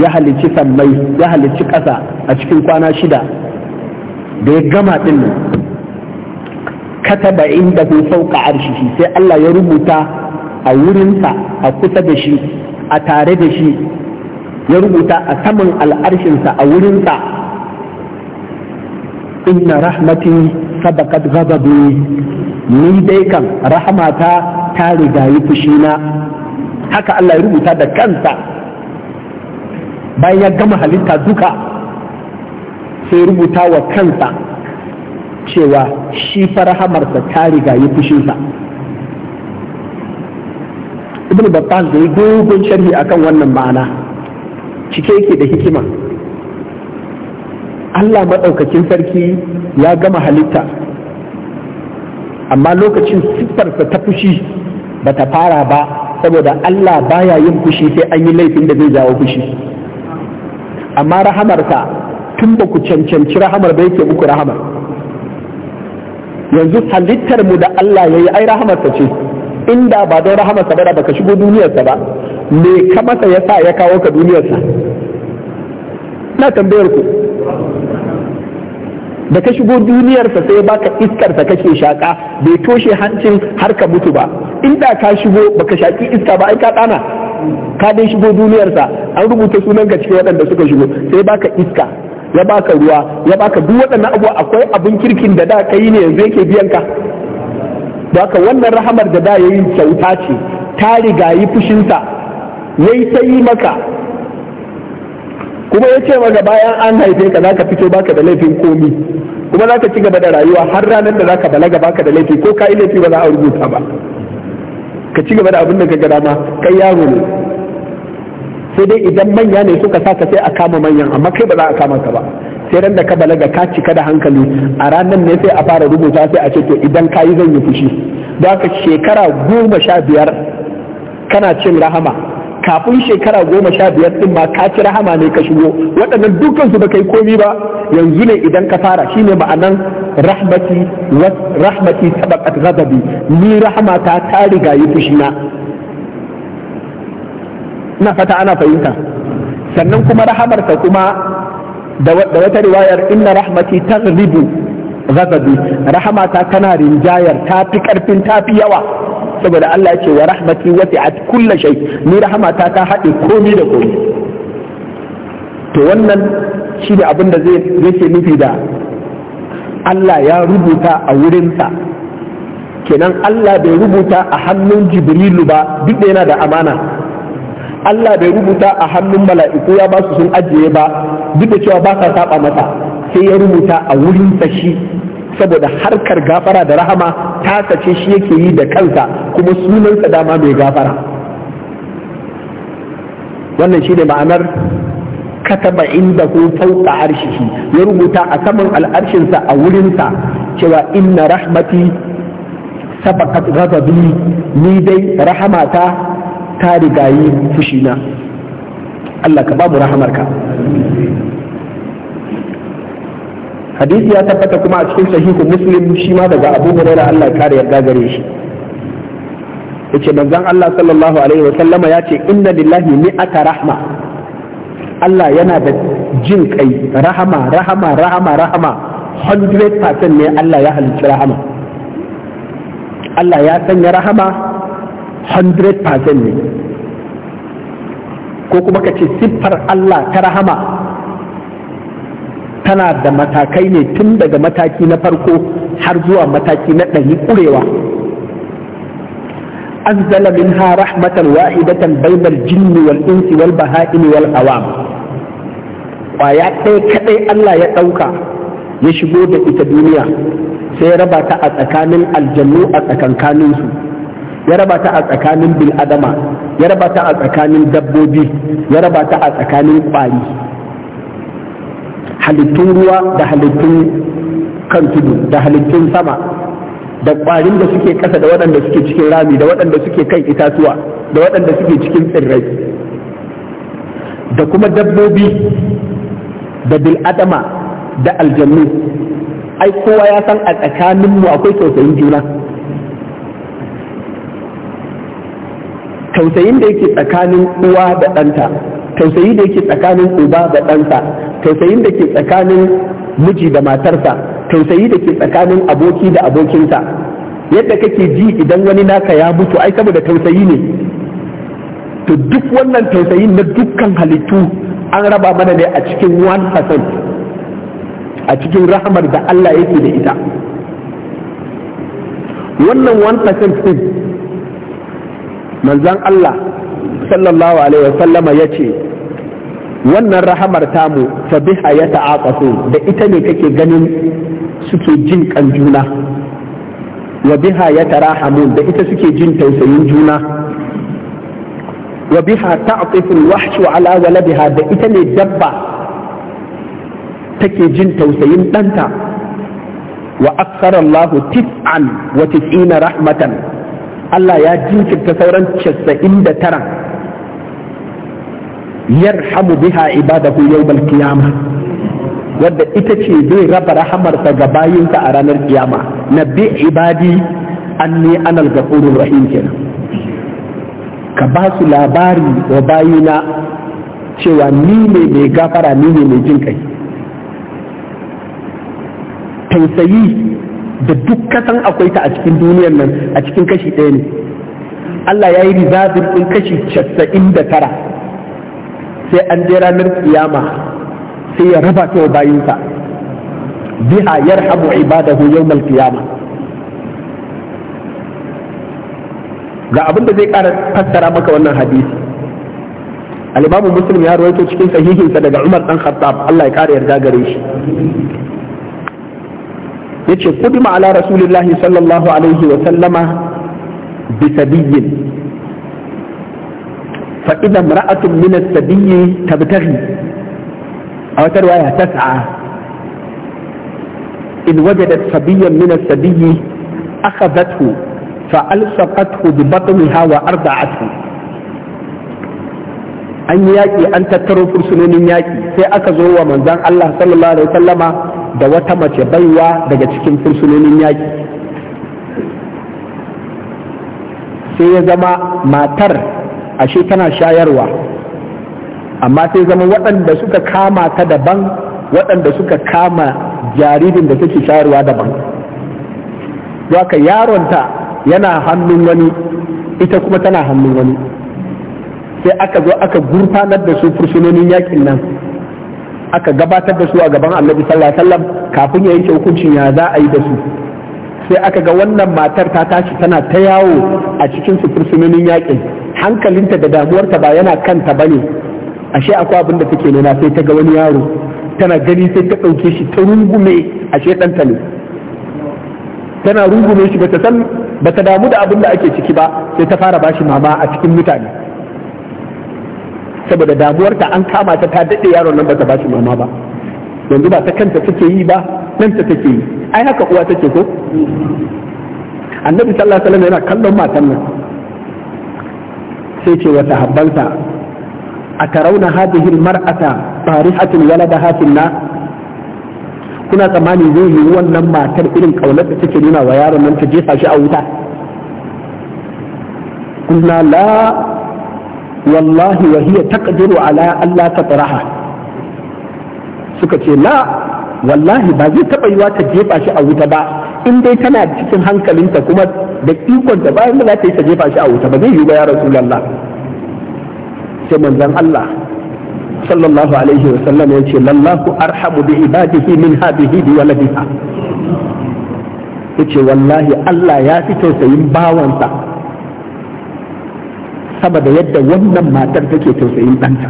ya halicci sammai ya halicci ƙasa a cikin kwana shida da ya gama din kataba inda sauka arshi sai Allah ya rubuta a wurinsa a kusa da shi a tare da shi ya rubuta a saman al'arshinsa a wurinsa inna rahmati sabakat gababi ni dai kan rahmata ta riga fushi fushina haka Allah ya rubuta da kansa bayan ya gama halitta duka sai rubuta wa kansa cewa shi fa farahamarsa ta riga rigayi fushinsa ibn babban da yi dogon sharhi akan wannan ma'ana cike yake da hikima Allah maɗaukakin sarki ya gama halitta amma lokacin siffarsa ta fushi ba ta fara ba saboda Allah baya yin fushi sai an yi laifin da zai jawo fushi amma rahamarsa tun ba ku cancanci rahamar ba yake muku rahamar yanzu halittarmu da Allah ya yi ai rahamarsa ce inda ba don rahamarsa ba da baka shigo duniyarsa ba me ka masa ya sa ya kawo ka duniyarsa na tambayar ku da ka shigo duniyarsa sai baka iskarsa kake shaka bai toshe hancin har ka mutu ba inda ka shigo baka shaki iska ba ai ka tsana ka dai shigo duniyarsa an rubuta sunan ka cikin waɗanda suka shigo sai baka iska ya baka ruwa ya baka duk waɗannan abubuwa akwai abin kirkin da da ka ne yanzu yake biyan ka haka wannan rahamar da da yayi kyauta ce ta riga yi fushinsa yayi ta yi maka kuma ya ce maka bayan an haife ka zaka fito baka da laifin komi kuma zaka ci gaba da rayuwa har ranar da zaka balaga baka da laifi ko ka yi laifi ba za a rubuta ba ka ci gaba da abin da ka gada ma kai yaro ne sai dai idan manya ne suka sa ka sai a kama manyan amma kai ba za a kama ka ba sai ran da ka balaga ka cika da hankali a ranar ne sai a fara rubuta sai a ce to idan ka yi zan yi fushi don haka shekara goma sha biyar kana cin rahama kafin shekara goma sha biyar din ma ka ci rahama ne ka shigo waɗannan dukkan su baka yi komi ba yanzu ne idan ka fara shine ma'anan rahmati rahmati sabaqat ghadabi ni rahama ta ta riga yi fushi na ina fata ana fahimta sannan kuma rahamarsa kuma da wata riwayar inna rahmati taghlibu Rahama ta tana rinjayar tafi karfin tafi yawa saboda Allah ya ce wa rahmati wasi'at kulli shay ni rahama ta haɗe komai da komai to wannan shi da abin da zai yake nufi da Allah ya rubuta a wurinsa kenan Allah bai rubuta a hannun Jibrilu ba duk da yana da amana Allah bai rubuta a hannun mala'iku ya ba su sun ajiye ba duk da cewa ba sa saba masa sai ya rubuta a wurin shi saboda harkar gafara da rahama ta sace shi yake yi da kansa kuma sunansa dama mai gafara wannan shi ne ma'anar kataba inda hu fauka arshihi ya rubuta a saman al'arshinsa a wurinsa cewa inna rahmati sabaqat ghadabi ni dai rahamata ta rigayi fushina Allah ka babu rahamarka hadisi ya tabbata kuma a cikin sahihu muslim shi ma daga abu hurairu Allah ya kare yarda gare shi yace manzon Allah sallallahu alaihi wa sallama yace inna lillahi mi'ata rahma Allah yana da jin kai rahama rahama rahama rahama 100% ne Allah ya halicci rahama Allah ya sanya rahama 100% ne ko kuma ka ce siffar Allah ta rahama tana da matakai ne tun daga mataki na farko har zuwa mataki na ɗari ƙurewa أنزل منها رحمة واحدة بين الجن والإنس والبهائم والأوام kwaya ɗaya kaɗai Allah ya ɗauka ya shigo da ita duniya sai ya raba a tsakanin aljannu a tsakankaninsu ya raba ta a tsakanin bil'adama ya raba ta a tsakanin dabbobi ya raba ta a tsakanin kwari halittun ruwa da halittun kan tudu da halittun sama da kwarin da suke ƙasa da waɗanda suke cikin rami da waɗanda suke kan itatuwa da waɗanda suke cikin tsirrai da kuma dabbobi da bil'adama da aljannu ai kowa ya san a tsakaninmu akwai tausayin juna tausayin da yake tsakanin uwa da ɗanta tausayi da yake tsakanin uba da ɗansa tausayin da ke tsakanin miji da matarsa tausayi da ke tsakanin aboki da abokinsa yadda kake ji idan wani naka ya mutu ai saboda tausayi ne to duk wannan tausayin na dukkan halittu an raba mana ne a cikin percent, a cikin rahamar da Allah yake da ita wannan 1% din manzan Allah sallallahu alaihi wasallama ya ce wannan rahamar tamu ta biha ya ta'aqasu da ita ne kake ganin suke jin kan juna wa biha ya tarahamun da ita suke jin tausayin juna wa biha ta'qifu wahshu ala waladiha da ita ne dabba take jin tausayin ɗanta? wa aksara Allah tis'an wa rahmatan Allah ya jinkirta sauran casa'in da Yar yarhamu biha ibadahu bal kiyama, wadda ita ce zai raba rahamarsa ga bayinsa a ranar kiyama na bi ibadi anni anal ghafurur rahim kenan ka ba su labari wa bayina cewa ni ne mai gafara ni ne mai jin kai tausayi da duk kasan akwai ta a cikin duniyar nan a cikin kashi ɗaya ne Allah ya yi rizabin ɗin kashi casa'in da tara sai an je ranar kiyama sai ya raba ta wa bayinsa biha yarhamu ibadahu yawmal qiyama ga abin da zai ƙara fassara maka wannan hadisi al-imamu muslim ya rawaito cikin sahihinsa daga Umar dan Khattab Allah ya ƙara yarda gare shi yace kudima ala rasulillahi sallallahu alaihi wa sallama bi sabiyyin fa idza imra'atun min as-sabiyyi tabtaghi aw tarwaya tas'a in wajadat sabiyyan min as-sabiyyi akhadhathu fa alsaqathu bi batniha wa arda'athu an yi yaƙi an tattaro fursunonin yaƙi sai aka zo wa manzan Allah sallallahu alaihi wasallama da wata mace baiwa daga cikin fursunonin yaƙi sai ya zama matar ashe tana shayarwa amma sai zama waɗanda suka kama ta daban waɗanda suka kama jaririn da take shayarwa daban haka yaronta yana hannun wani ita kuma tana hannun wani sai aka zo aka gurfanar da su fursunonin yaƙin nan aka gabatar da su a gaban annabi sallallahu alaihi wasallam kafin ya yanke hukuncin ya za a yi da su sai aka ga wannan matar ta tashi tana ta yawo a cikin su fursunonin yakin hankalinta da damuwarta ba yana kanta bane ashe akwai abin da take nuna sai ta ga wani yaro tana gani sai ta ɗauke shi ta rungume ashe ɗanta ne tana rungume shi bata san bata damu da abin da ake ciki ba sai ta fara bashi mama a cikin mutane saboda damuwarta an kama ta ta daɗe yaron nan ba ta ba mama ba yanzu ba ta kanta take yi ba nan ta take yi ai haka uwa take ko annabi sallallahu alaihi wasallam yana kallon matan nan sai ce wa sahabbansa atarauna hadhihi almar'ata farihatun waladaha fil kuna tsammani zai yi wannan matar irin kaunar da take nuna wa yaron nan ta jefa shi a wuta kulna la wallahi wa hiya taqdiru ala Allah ta taraha suka ce la wallahi ba zai taɓa yiwa ta jefa shi a wuta ba in dai tana cikin hankalinta kuma da ikon ta bayan da za ta yi ta jefa shi a wuta ba zai yi ba ya rasulullah sai manzon Allah sallallahu alaihi wa sallam ya ce lallahu arhamu bi ibadihi min hadhihi bi waladiha yace wallahi Allah ya fi tausayin bawansa sama da yadda wannan matar take tausayin ɗanta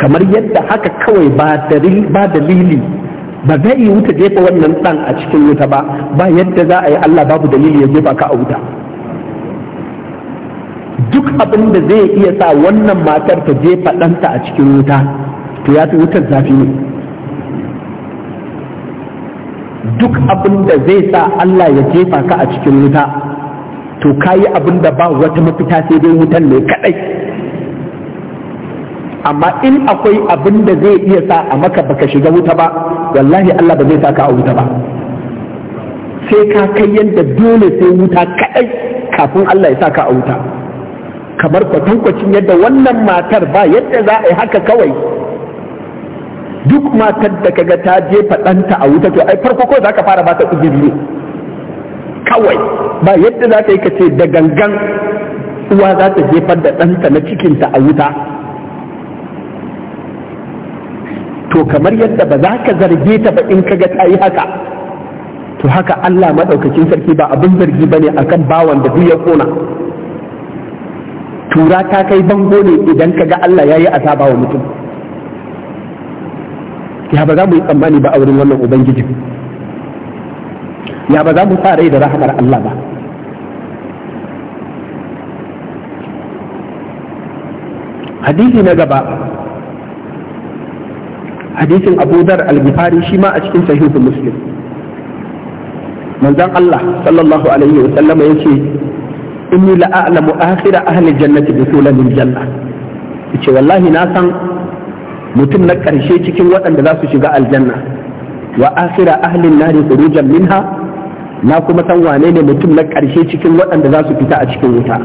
kamar yadda haka kawai ba dalili ba zai yi wuta jefa wannan ɗan a cikin wuta ba ba yadda za a yi Allah babu dalili ya jefa ka a wuta duk abin da zai iya sa wannan matar ta jefa ɗanta a cikin wuta to ya fi wutar zafi ne duk abin da zai sa Allah ya jefa ka a cikin wuta to kayi abin da ba wata mafita sai dai wutan ne kadai amma in akwai abin da zai iya sa a maka baka shiga wuta ba wallahi Allah ba zai saka a wuta ba sai ka kai yadda dole sai wuta kadai kafin Allah ya saka a wuta kamar kwatankwacin yadda wannan matar ba yadda za a yi haka kawai duk matar da kaga ta jefa ɗanta a wuta to ai farko ko za ka fara ba ta ne kawai ba yadda za ka yi ka ce da gangan uwa za ta jefar da ɗanta na cikinta a wuta to kamar yadda ba za ka zarge ta ba in kaga ta yi haka to haka Allah maɗaukakin sarki ba abin zargi ba ne akan bawan da ya kona tura ta kai bango ne idan kaga Allah ya yi asaba wa mutum ya ba za mu yi tsammani ba a wurin wannan ubangijin ya ba za mu sa rai da rahamar Allah ba hadisi na gaba hadisin Abu Dar al-Bukhari shi ma a cikin sahihu Muslim manzon Allah sallallahu alaihi wa sallama yace inni la a'lamu akhira ahli jannati bi sulamil janna yace wallahi na san mutum na karshe cikin waɗanda za su shiga aljanna wa akhira ahli nari khurujan minha na kuma san wane ne mutum na ƙarshe cikin waɗanda za su fita a cikin wuta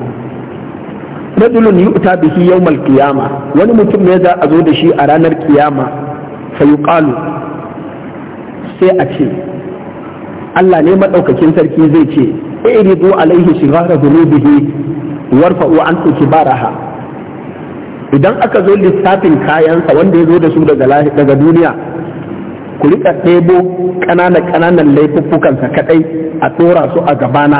rajulun yu'ta bihi yawmal qiyama wani mutum ne za a zo da shi a ranar kiyama fa yuqalu sai a ce Allah ne madaukakin sarki zai ce iridu alaihi shighara dhunubihi warfa'u anhu kibaraha idan aka zo lissafin kayansa wanda ya zo da su daga duniya ku rika ɗebo ƙananan ƙananan laifuffukansa kaɗai a tsora su a gabana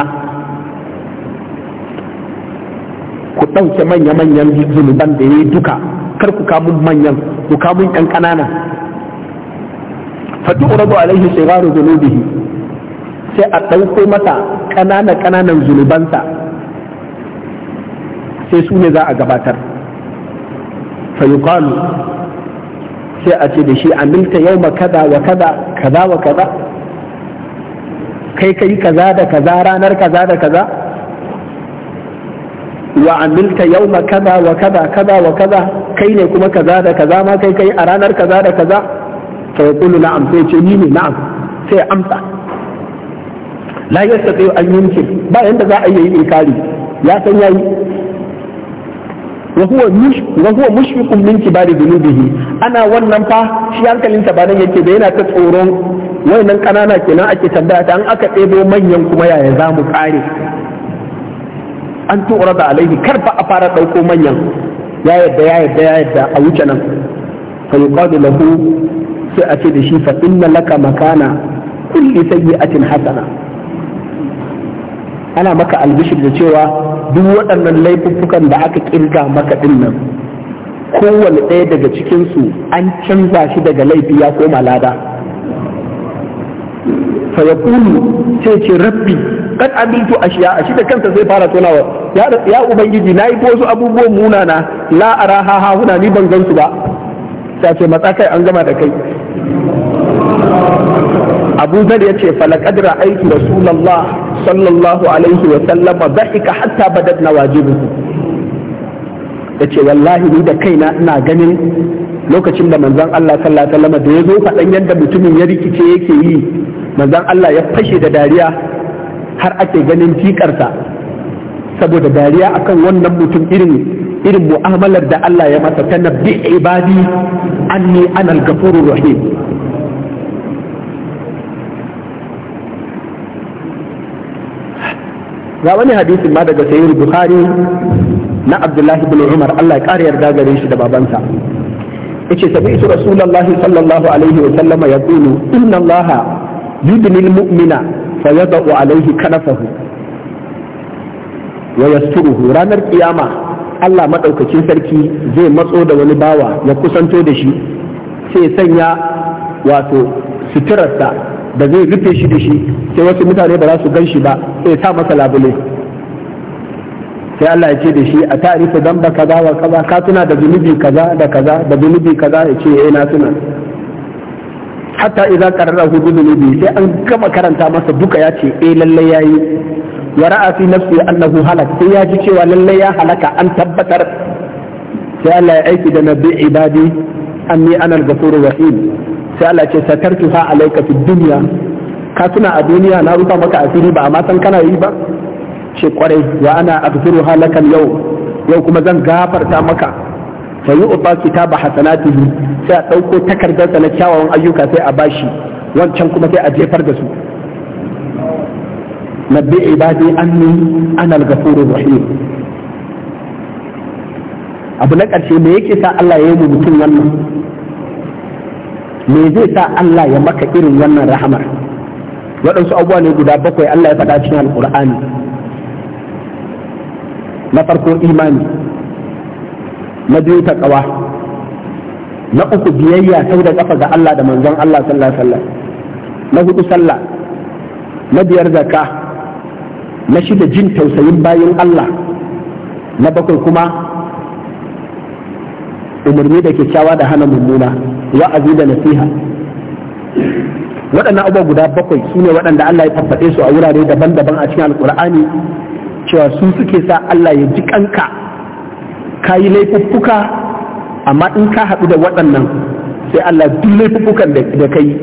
ku ɗauke manya-manyan zunuban da ya yi duka kar ku kamun manyan ku kamun ƴan ƙanana fatu urabu alaihi shigaru zunubihi sai a ɗauko masa ƙananan-ƙananan zunubansa sai su ne za a gabatar yuqalu sai a ce da shi amilta yau ma kada wa kada kaza wa kaza kai kai kaza da kaza ranar kaza da kaza wa amilta yau ma kada wa kada kada wa kada kai ne kuma kaza da kaza ma kai kai a ranar kaza da kaza ta yi kulu na'am sai ce ni ne na'am sai amsa la yastati an yumkin ba yanda za a yi inkari ya san yayi wa huwa mushfiqun min kibari dhunubihi ana wannan fa shi hankalinsa ba nan yake da yana ta tsoron wayannan kanana kenan ake tambaya ta an aka ɗebo manyan kuma yaya za mu kare an tura da alaihi kar fa a fara ɗauko manyan ya yadda ya yadda ya yadda a wuce nan fa yuqadu lahu sai a ce da shi fa inna laka makana kulli sayyi'atin hasana ana maka albishir da cewa duk waɗannan laifuffukan da aka kirga maka ɗin nan kowane ɗaya daga cikinsu an canza shi daga laifi ya koma lada fa ya ce rabbi kan amintu ashiya a shi da kansa zai fara tonawa ya ubangiji na yi wasu abubuwan munana la ara ha ha huna ni ban gansu ba ta ce matsakai an gama da kai abu zar ya ce falakadra aiki rasulallah sallallahu alaihi wa sallama dhahika hatta badat nawajibu yace wallahi ni da kaina ina ganin lokacin da manzon Allah sallallahu alaihi da ya zo faɗan yadda mutumin ya rikice yake yi manzon Allah ya fashe da dariya har ake ganin tikarsa saboda dariya akan wannan mutum irin irin mu'amalar da Allah ya masa ta nabbi ibadi anni anal gafurur rahim ga wani hadisin ma daga sayyid bukhari na abdullahi bin umar Allah ya kare yarda gare shi da babansa yace sami'tu rasulullahi sallallahu alaihi wa sallama yaqulu inna allaha يدني المؤمن فيضع عليه كنفه ويستره ranar القيامة Allah maɗaukacin sarki zai matso da wani bawa ya kusanto da shi sai sanya wato suturarsa da zai rufe shi da shi sai wasu mutane ba za su gan shi ba sai sa masa labule sai Allah ya ce da shi a ta'rifu damba kaza wa kaza ka tuna da zunubi kaza da kaza da zunubi kaza ya ce eh na tuna hatta idza qararahu bi zunubi sai an gama karanta masa duka ya ce eh lalle yayi wa ra'a fi nafsi annahu halak sai ya ji cewa lalle ya halaka an tabbatar sai Allah ya aiki da nabi ibadi anni ana al-ghafurur rahim sai Allah ce satartuha alayka fid dunya ka tuna a duniya na rufa maka asiri ba amma san kana yi ba ce kware wa ana aghfiru halakal yau yau kuma zan gafarta maka fa ba kitaba hasanatihi sai a dauko takardarsa na kyawawan ayyuka sai a bashi wancan kuma sai a jefar da su nabbi ibadi anni ana al-ghafurur rahim abu na ƙarshe me yake sa Allah ya yi mu mutum wannan me zai sa Allah ya maka irin wannan rahamar waɗansu abubuwa ne guda bakwai Allah ya faɗa cikin alƙur'ani na farko imani na biyu ta ƙawa, na uku biyayya sau da ƙafa ga Allah da manzon Allah sallallahu alaihi na hudu sallah na biyar zakka na shida jin tausayin bayan Allah na bakwai kuma umarni da kyakkyawa da hana mummuna wa'azi da nasiha waɗannan abubuwa guda bakwai su ne waɗanda Allah ya faffaɗe su a wurare daban-daban a cikin alƙur'ani cewa su suke sa Allah ya ji kanka ka yi laifuffuka amma in ka haɗu da waɗannan sai Allah duk laifuffukan da ka yi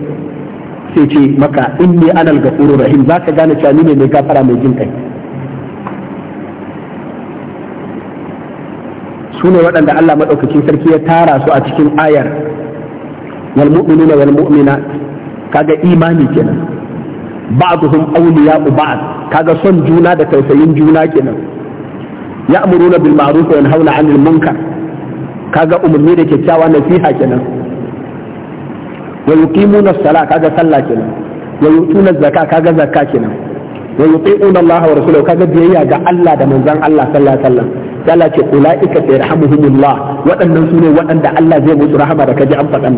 sai ce maka in ne anal gafuru rahim za ka gane cewa ni ne mai gafara mai jin kai su ne waɗanda Allah maɗaukakin sarki ya tara su a cikin ayar wal mu'minuna wal mu'minat kaga imani kenan ba'dhum awliya'u ba'd kaga son juna da tausayin juna kenan ya'muruna bil ma'ruf wa yanhauna 'anil munkar kaga umarni da kyakkyawa nasiha kenan wa yuqimuna as-salah kaga sallah kenan wa yu'tuna az-zakah kaga zakka kenan wa yuti'una Allah wa rasulahu kaga biyayya ga Allah da manzon Allah sallallahu alaihi wasallam Allah ce ulaika sayarhamuhumullah waɗannan su ne waɗanda Allah zai musu rahama da kaji an faɗan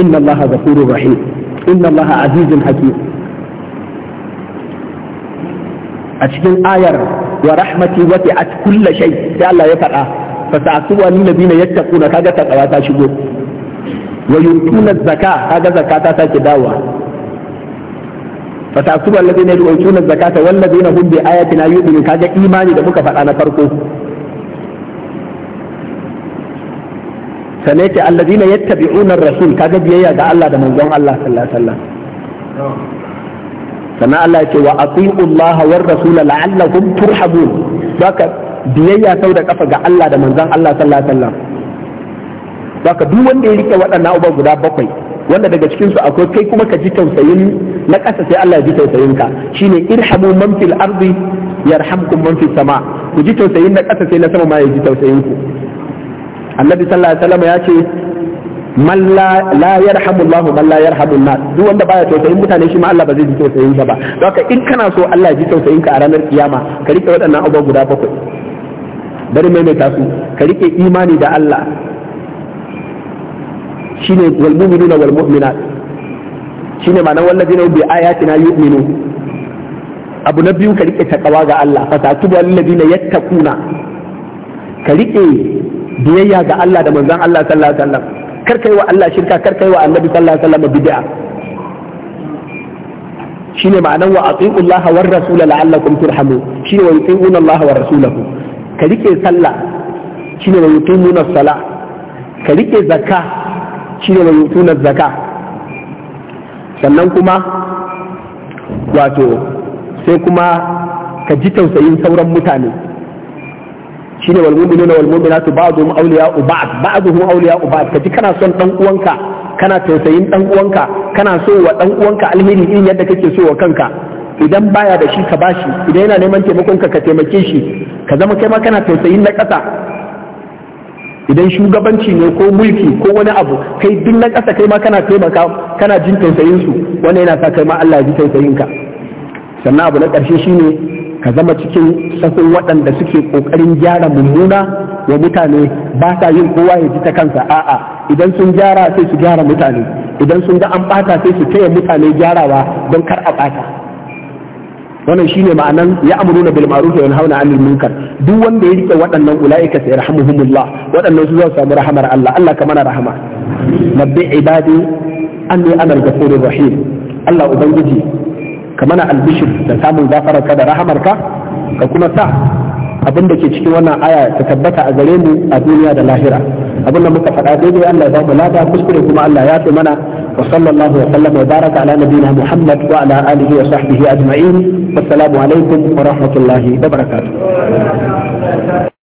inna allaha ghafurur rahim inna allaha azizun hakim a cikin ayar wa rahmati wasi'at kulli shay sai Allah ya faɗa fa sa'tuwa lil ladina yattaquna kaga takawa ta shigo wa yu'tuna zakka kaga zakata ta sake dawowa fa sa'tuwa lil kaga imani da muka faɗa na farko sannan yace allazina yattabi'una unar rasul kaga biyayya ga Allah da manzon Allah sallallahu alaihi wasallam sannan Allah yace wa atiu Allah war rasul la'allakum turhamun baka biyayya sau da kafa ga Allah da manzon Allah sallallahu alaihi wasallam baka duk wanda ya rike waɗannan abubuwa guda bakwai wanda daga cikin su akwai kai kuma ka ji tausayin na ƙasa sai Allah ya ji tausayin ka shine irhamu man fil ardi yarhamkum man fis sama ku ji tausayin na ƙasa sai na sama ma ya ji tausayin ku annabi sallallahu alaihi wasallam ya ce man la la yarhamu Allah man la yarhamu nas duk wanda baya tausayin mutane shi ma Allah ba zai ji tausayin ka ba haka in kana so Allah ya ji tausayin ka a ranar kiyama ka rike waɗannan abubuwa guda bakwai bari maimaita su ka rike imani da Allah shine wal mu'minuna wal mu'minat shine ma'anar wallazina bi ayatina yu'minu abu na biyu ka rike takawa ga Allah fa tatubu alladina yattaquna ka rike biyayya ga Allah da manzon Allah sallallahu alaihi wasallam kar kai wa Allah shirka kar kai wa annabi sallallahu alaihi wasallam bid'a shine ma'anar wa ati'u Allah war rasul la'allakum turhamun shine wa yuti'una Allah war rasulahu ka rike sallah shine wa yutimuna salah ka rike zakka shine wa yutuna zaka. sannan kuma wato sai kuma ka ji tausayin sauran mutane shine wal mu'minuna wal mu'minatu ba'dhum awliya'u ba'd ba'dhum awliya'u ba'd kaji kana son dan uwanka kana tausayin dan uwanka kana so wa dan uwanka alheri irin yadda kake so wa kanka idan baya da shi ka bashi idan yana neman taimakon ka ka taimake shi ka zama kai ma kana tausayin na ƙasa idan shugabanci ne ko mulki ko wani abu kai duk na ƙasa kai ma kana taimaka kana jin tausayin su wannan yana sa kai ma Allah ya ji tausayin ka sannan abu na ƙarshe shine ka zama cikin sahun waɗanda suke ƙoƙarin gyara mummuna wa mutane ba sa yin kowa ya ji ta kansa a'a idan sun gyara sai su gyara mutane idan sun ga an ɓata sai su taya mutane gyarawa don kar a ɓata wannan shine ma'anan ya amuruna bil ma'ruf wa yanhauna 'anil munkar duk wanda ya rike waɗannan ulaika sai yarhamuhumullah waɗannan su za su samu rahamar Allah Allah ka mana rahama nabbi ibadi anni ana al-ghafurur rahim Allah ubangiji ka mana albishir da samun gafararka da rahamarka ka kuma sa abin da ke cikin wannan aya ta tabbata a gare mu a duniya da lahira abin da muka faɗa daidai Allah ya ba mu lada kuskure kuma Allah ya fi mana wa sallallahu wa sallama wa baraka ala nabiyina Muhammad wa ala alihi wa sahbihi ajma'in wassalamu alaikum wa rahmatullahi wa barakatuh